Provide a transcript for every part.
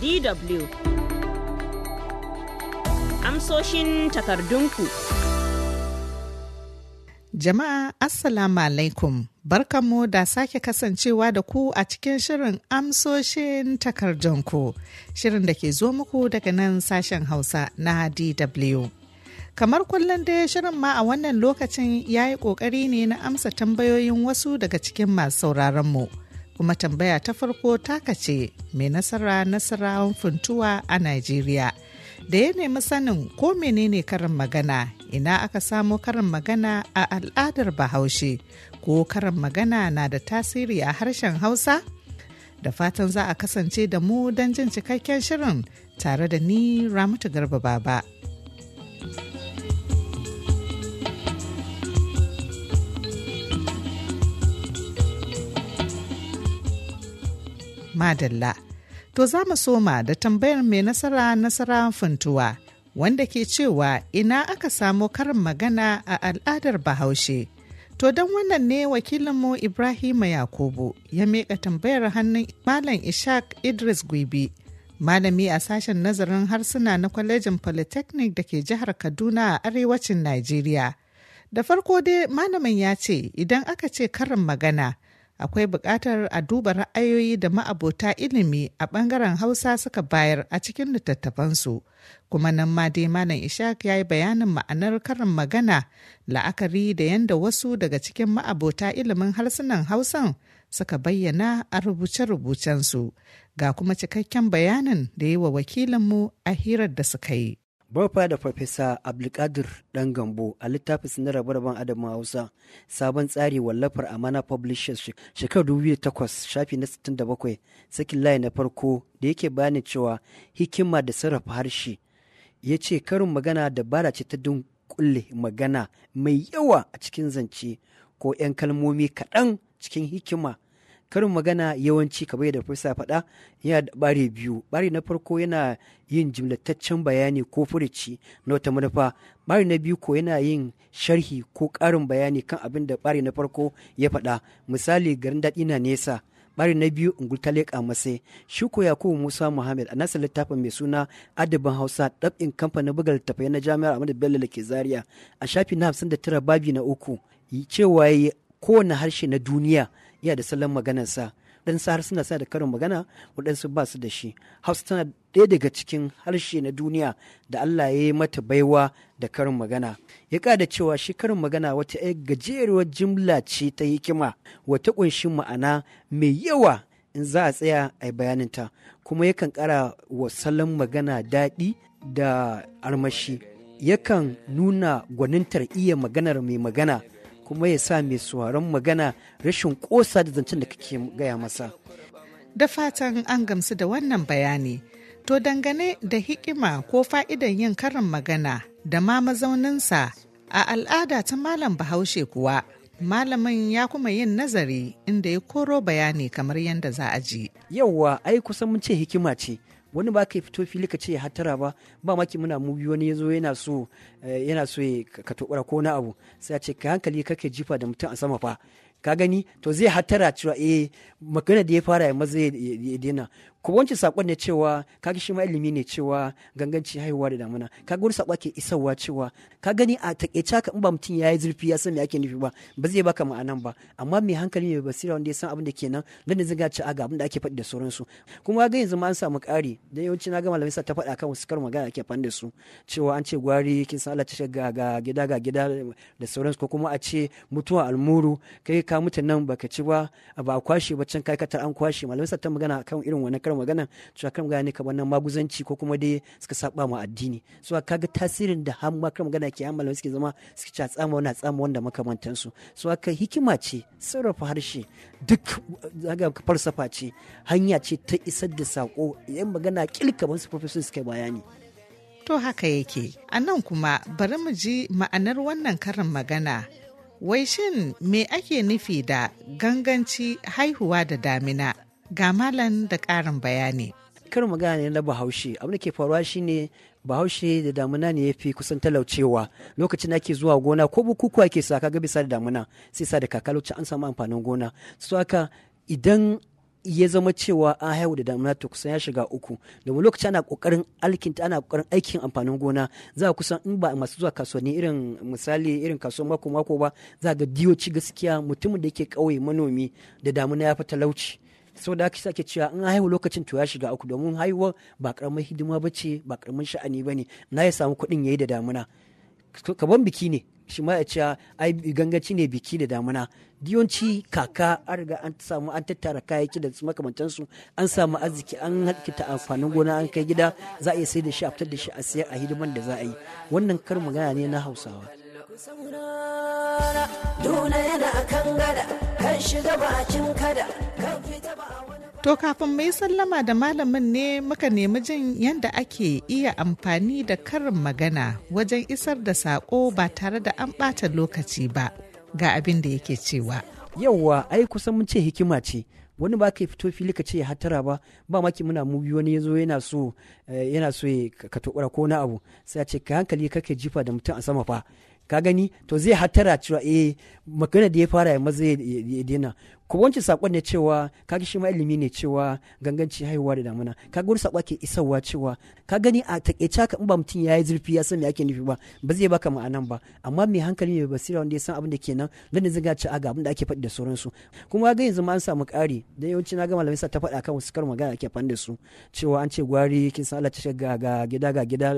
DW. Amsoshin takardunku. Jama'a Assalamu alaikum, barkanmu da sake kasancewa da ku a cikin shirin amsoshin takardunku, shirin da ke zo muku daga nan sashen Hausa na DW. kamar kullum dai shirin ma a wannan lokacin ya yi ƙoƙari ne na amsa tambayoyin wasu daga cikin masu sauraronmu. kuma tambaya ta farko taka ce mai nasara nasarawan funtuwa a Najeriya. Da ya nemi sanin ko menene karin magana ina aka samo karin magana a al'adar bahaushe ko karin magana na da tasiri a harshen hausa? Da fatan za a kasance da mu don jin cikakken shirin tare da ni Ramatu Garba Baba. madalla. To za mu soma da tambayar mai nasara nasara funtuwa wanda ke cewa ina aka samo karin magana a al'adar bahaushe. To don wannan ne wakilinmu ibrahim Yakubu ya miƙa tambayar hannun Malam Ishaq Idris Gwibi, malami a sashen nazarin harsuna na kwalejin Polytechnic da ke jihar Kaduna a arewacin Najeriya. Da farko dai malamin ya ce idan aka ce karin magana akwai buƙatar a duba ra'ayoyi da ma'abota ilimi a ɓangaren hausa suka bayar a cikin littattafansu kuma nan ma dai malam ishaq ya yi bayanin ma'anar karin magana la'akari da yadda wasu daga cikin ma'abota ilimin harsunan hausan suka bayyana a rubuce-rubucensu ga kuma cikakken bayanin da yi wa wakilinmu a hirar da suka yi Barfa da Farfesa Abdulkadir Dan Gambo a littafin na rabe-raben Adamu Hausa sabon tsari wallafar Amana Publishers shekarar 2008 shafi na 67 sakin layi na farko da yake bayani cewa hikima da sarrafa harshe ya ce karin magana dabara ce ta dunkulle magana mai yawa a cikin zance ko 'yan kalmomi kaɗan cikin hikima karin magana yawanci kamar yadda farsa faɗa yana da ɓare biyu ɓare na farko yana yin jimlataccen bayani ko furici na wata manufa ɓare na biyu ko yana yin sharhi ko ƙarin bayani kan abin da ɓare na farko ya faɗa misali garin daɗi na nesa bari na biyu in ta leƙa masai shi ko yakubu musa muhammad a nasa littafin mai suna adabin hausa ɗab'in kamfanin buga littafai na jami'ar amadu bello da ke zaria a shafi na hamsin da tara babi na uku cewa kowane harshe na duniya iya da salon maganarsa dan harsuna suna da karin magana waɗansu ba su da shi hausa tana ɗaya daga cikin harshe na duniya da allah ya yi mata baiwa da karin magana ya ƙada cewa shi karin magana wata ‘yar gajeruwar jimla ce ta hikima wata ƙunshin ma'ana mai yawa in za a tsaya a yi bayaninta kuma yakan ƙara wa salon magana daɗi da armashi yakan nuna gwanintar iya maganar mai magana kuma ya sa mai tsoron magana rashin ƙosa da zancen da kake gaya masa. Da fatan an gamsu da wannan bayani, to dangane da hikima ko fa'idan yin karin magana da ma mazauninsa a al'ada ta malam bahaushe kuwa, malamin ya kuma yin nazari inda ya koro bayani kamar yadda za a ji. Yawwa, ai kusan mun ce hikima ce. wani ba ka fito fili ka ce ya hatara ba ba maki muna mubi wani ya zo yana so eh, yana so ka tobara ko na abu sai a ce ka hankali kake jifa da mutum a sama fa ka gani to zai hatara cewa eh magana da ya fara ya maza ya dena ko wancan sakon ne cewa kaga shi ma ilimi ne cewa ganganci haihuwa da damuna kaga wani sako ake isarwa cewa ka gani a takeice ka in ba mutum ya yi zurfi ya san me ake nufi ba ba zai baka ma'anan ba amma mai hankali mai basira wanda ya san abin da kenan nan da zai ci aga abin da ake faɗi da sauransu kuma ga yanzu ma an samu ƙari da yawanci na ga malamai sa ta faɗa kan wasu karin magana ake fan da su cewa an ce gwari kin san Allah ta shiga ga gida ga gida da sauransu ko kuma a ce mutuwa almuru kai ka mutu nan baka ci ba ba a kwashe ba can kai ka an kwashe malamai sa ta magana kan irin wannan shakar magana shakar magana ne kamar nan maguzanci ko kuma dai suka saba ma addini so kaga tasirin da har makar magana ke amma suke zama suke ca tsama wannan tsama wanda makamantan su so aka hikima ce sarrafa harshe duk zaga falsafa ce hanya ce ta isar da sako yan magana kilka ban su professor suka bayani To haka yake, anan kuma bari mu ji ma'anar wannan karin magana Wai shin me ake nufi da ganganci haihuwa da damina? Ga malam da ƙarin bayani. Karin magana ne na Bahaushe, abin da ke faruwa shine bahaushe da damuna ne ya fi kusan talaucewa lokacin ake zuwa gona ko bukukuwa ke sa kaga bisa da damuna sai sa da an samu amfanin gona su haka idan ya zama cewa an haihu da damuna to kusan ya shiga uku domin lokaci ana kokarin alkinta ana kokarin aikin amfanin gona za a kusan in ba masu zuwa kasuwanni irin misali irin kasuwan mako mako ba za ga diyoci gaskiya mutumin da yake kauye manomi da damuna ya fi talauci sau da kisa ke cewa in haihu lokacin to ya shiga uku domin haihuwa ba karamin hidima ba ce ba karamin sha'ani ba ne na ya samu kuɗin yi da damuna kaban biki ne shi ma ya ce ai gangaci ne biki da damuna diyonci kaka an riga an samu an tattara kayayyaki da su makamantansu an samu arziki an hakita amfanin gona an kai gida za a iya sai da shi a fitar da shi a siyar a hidiman da za a yi wannan kar magana ne na hausawa To kafin mai sallama da malamin ne muka nemi jin yadda ake iya amfani da karin magana wajen isar da sako ba tare da an ɓata lokaci ba ga abin da yake cewa. Yawwa ai kusan mun ce hikima ce wani ba ka fito fili ka ce ya hatara ba ba maki muna mu biyu wani yazo yana so eh, yana so ka tobara ko na abu sai a ce ka hankali kake jifa da mutum a sama fa ka gani to zai hattara cewa eh magana da ya fara ya maza ya daina ko wancan sakon ne cewa kaga shi ma ilimi ne cewa ganganci haihuwa da damuna kaga wani sako ke isarwa cewa ka gani a takaice haka in ba mutum ya yi zurfi ya san me ake nufi ba ba zai baka ma'anan ba amma mai hankali mai basira wanda ya san abin da kenan nan da zanga ci a ga abin da ake faɗi da sauransu kuma ga yanzu ma an samu ƙari da yawanci na ga malamai sa ta faɗa kan wasu karin magana ake da su cewa an ce gwari kin san Allah ta shiga ga gida ga gida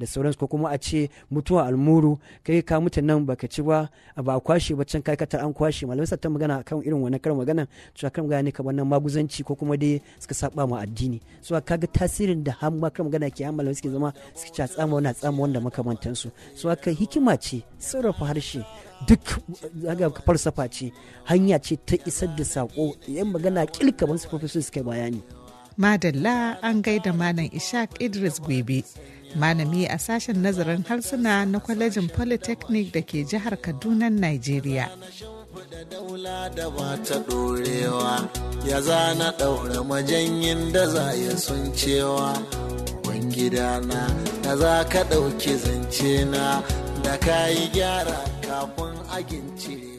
da sauransu ko kuma a ce mutuwa almuru kai ka mutu nan baka ci ba ba a kwashe ba can kai ka an kwashe malamai sa ta magana kan irin wannan karin magana cewa karin magana ne ka wannan maguzanci ko kuma dai suka saba mu addini so kaga tasirin da har ma karin magana ke hamala suke zama suke cewa tsama wannan tsama wanda makamantan su so aka hikima ce sarrafa harshe duk zaga falsafa ce hanya ce ta isar da sako yan magana ban su professor suka bayani madalla an gaida malam ishaq idris gwebe malami a sashen nazarin harsuna na kwalejin polytechnic da ke jihar kaduna nigeria da daula da ba ta ɗorewa ya zana ɗaura majanyin da za ya sun cewa gidana da za ka ɗauki zance na da ka yi gyara kafin agin cire